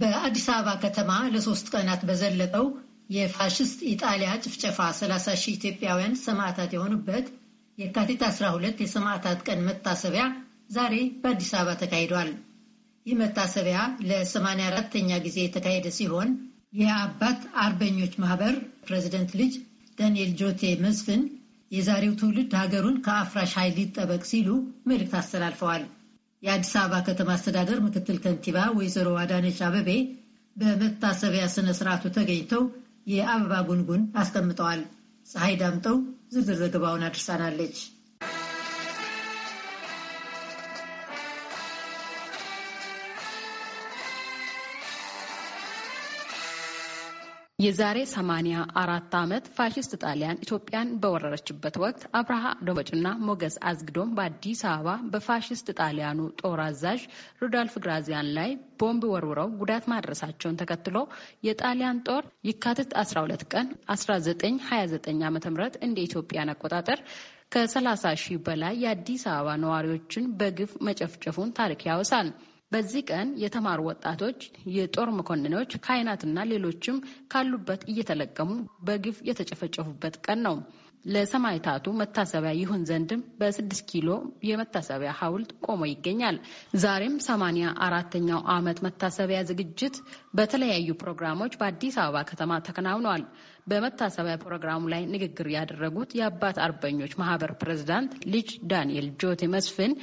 በአዲስ አበባ ከተማ ለሶስት ቀናት በዘለቀው የፋሽስት ኢጣሊያ ጭፍጨፋ 30 ሺህ ኢትዮጵያውያን ሰማዕታት የሆኑበት የካቲት 12 የሰማዕታት ቀን መታሰቢያ ዛሬ በአዲስ አበባ ተካሂዷል። ይህ መታሰቢያ ለ84ተኛ ጊዜ የተካሄደ ሲሆን የአባት አርበኞች ማህበር ፕሬዚደንት ልጅ ዳንኤል ጆቴ መስፍን የዛሬው ትውልድ ሀገሩን ከአፍራሽ ኃይል ሊጠበቅ ሲሉ መልእክት አስተላልፈዋል። የአዲስ አበባ ከተማ አስተዳደር ምክትል ከንቲባ ወይዘሮ አዳነች አበቤ በመታሰቢያ ስነ ስርዓቱ ተገኝተው የአበባ ጉንጉን አስቀምጠዋል። ፀሐይ ዳምጠው ዝርዝር ዘገባውን አድርሳናለች። የዛሬ 84 ዓመት ፋሽስት ጣሊያን ኢትዮጵያን በወረረችበት ወቅት አብርሃ ደንቦጭና ሞገስ አዝግዶም በአዲስ አበባ በፋሽስት ጣሊያኑ ጦር አዛዥ ሩዳልፍ ግራዚያን ላይ ቦምብ ወርውረው ጉዳት ማድረሳቸውን ተከትሎ የጣሊያን ጦር የካቲት 12 ቀን 1929 ዓ ም እንደ ኢትዮጵያን አቆጣጠር ከ30 ሺህ በላይ የአዲስ አበባ ነዋሪዎችን በግፍ መጨፍጨፉን ታሪክ ያወሳል። በዚህ ቀን የተማሩ ወጣቶች፣ የጦር መኮንኖች፣ ካህናትና ሌሎችም ካሉበት እየተለቀሙ በግፍ የተጨፈጨፉበት ቀን ነው። ለሰማዕታቱ መታሰቢያ ይሁን ዘንድም በስድስት ኪሎ የመታሰቢያ ሐውልት ቆሞ ይገኛል። ዛሬም ሰማንያ አራተኛው ዓመት መታሰቢያ ዝግጅት በተለያዩ ፕሮግራሞች በአዲስ አበባ ከተማ ተከናውነዋል። በመታሰቢያ ፕሮግራሙ ላይ ንግግር ያደረጉት የአባት አርበኞች ማህበር ፕሬዝዳንት ልጅ ዳንኤል ጆቴ መስፍን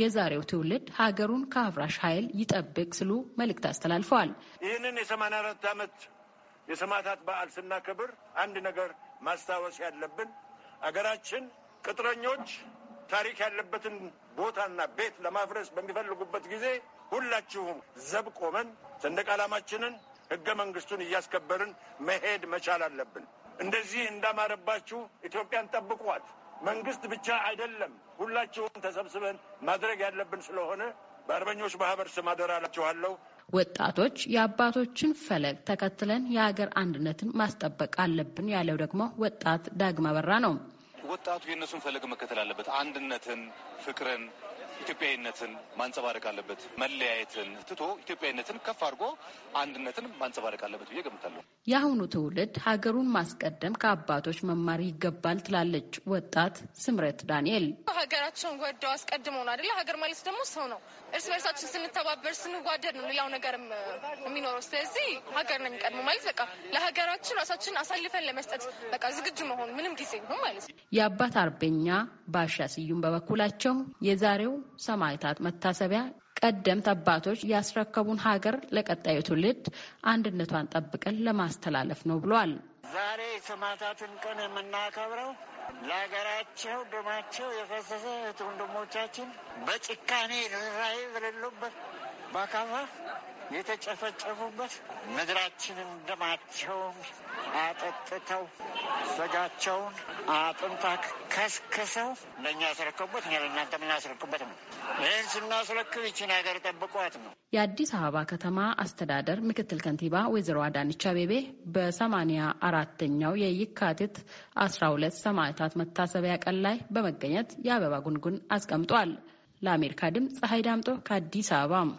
የዛሬው ትውልድ ሀገሩን ከአፍራሽ ኃይል ኃይል ይጠብቅ ስሉ መልእክት አስተላልፈዋል። ይህንን የሰማንያ አራት ዓመት የሰማዕታት በዓል ስናከብር አንድ ነገር ማስታወስ ያለብን አገራችን ቅጥረኞች ታሪክ ያለበትን ቦታና ቤት ለማፍረስ በሚፈልጉበት ጊዜ ሁላችሁም ዘብ ቆመን ሰንደቅ ዓላማችንን ሕገ መንግስቱን እያስከበርን መሄድ መቻል አለብን። እንደዚህ እንዳማረባችሁ ኢትዮጵያን ጠብቋት። መንግስት ብቻ አይደለም፣ ሁላችሁም ተሰብስበን ማድረግ ያለብን ስለሆነ በአርበኞች ማህበር ስም አደራ እላችኋለሁ። ወጣቶች የአባቶችን ፈለግ ተከትለን የሀገር አንድነትን ማስጠበቅ አለብን ያለው ደግሞ ወጣት ዳግማ በራ ነው። ወጣቱ የእነሱን ፈለግ መከተል አለበት። አንድነትን፣ ፍቅርን፣ ኢትዮጵያዊነትን ማንጸባረቅ አለበት። መለያየትን ትቶ ኢትዮጵያዊነትን ከፍ አድርጎ አንድነትን ማንጸባረቅ አለበት ብዬ ገምታለሁ። የአሁኑ ትውልድ ሀገሩን ማስቀደም ከአባቶች መማር ይገባል ትላለች ወጣት ስምረት ዳንኤል። ሀገራቸውን ወደው አስቀድመው ነው አደለ? ሀገር ማለት ደግሞ ሰው ነው። እርስ በርሳችን ስንተባበር ስንዋደድ ነው ሌላው ነገር የሚኖረው። ስለዚህ ሀገር ነው የሚቀድመው ማለት በቃ ለሀገራችን ራሳችን አሳልፈን ለመስጠት በቃ ዝግጁ መሆን ምንም ጊዜ ነው ማለት ነው። የአባት አርበኛ ባሻ ስዩም በበኩላቸው የዛሬው ሰማዕታት መታሰቢያ ቀደምት አባቶች ያስረከቡን ሀገር ለቀጣዩ ትውልድ አንድነቷን ጠብቀን ለማስተላለፍ ነው ብሏል። ዛሬ የሰማዕታትን ቀን የምናከብረው ለሀገራቸው ደማቸው የፈሰሰ እህት ወንድሞቻችን በጭካኔ ርኅራኄ በሌሉበት በአካፋ የተጨፈጨፉበት ምድራችንን ደማቸውን አጠጥተው ስጋቸውን አጥንታ ከስክሰው ለእኛ ያስረከቡበት እኛ ለእናንተ የምናስረክበት ነው። ይህን ስናስረክብ ይችን ሀገር ጠብቋት ነው። የአዲስ አበባ ከተማ አስተዳደር ምክትል ከንቲባ ወይዘሮ አዳነች አቤቤ በሰማኒያ አራተኛው የየካቲት አስራ ሁለት ሰማዕታት መታሰቢያ ቀን ላይ በመገኘት የአበባ ጉንጉን አስቀምጧል። ለአሜሪካ ድምፅ ፀሐይ ዳምጦ ከአዲስ አበባ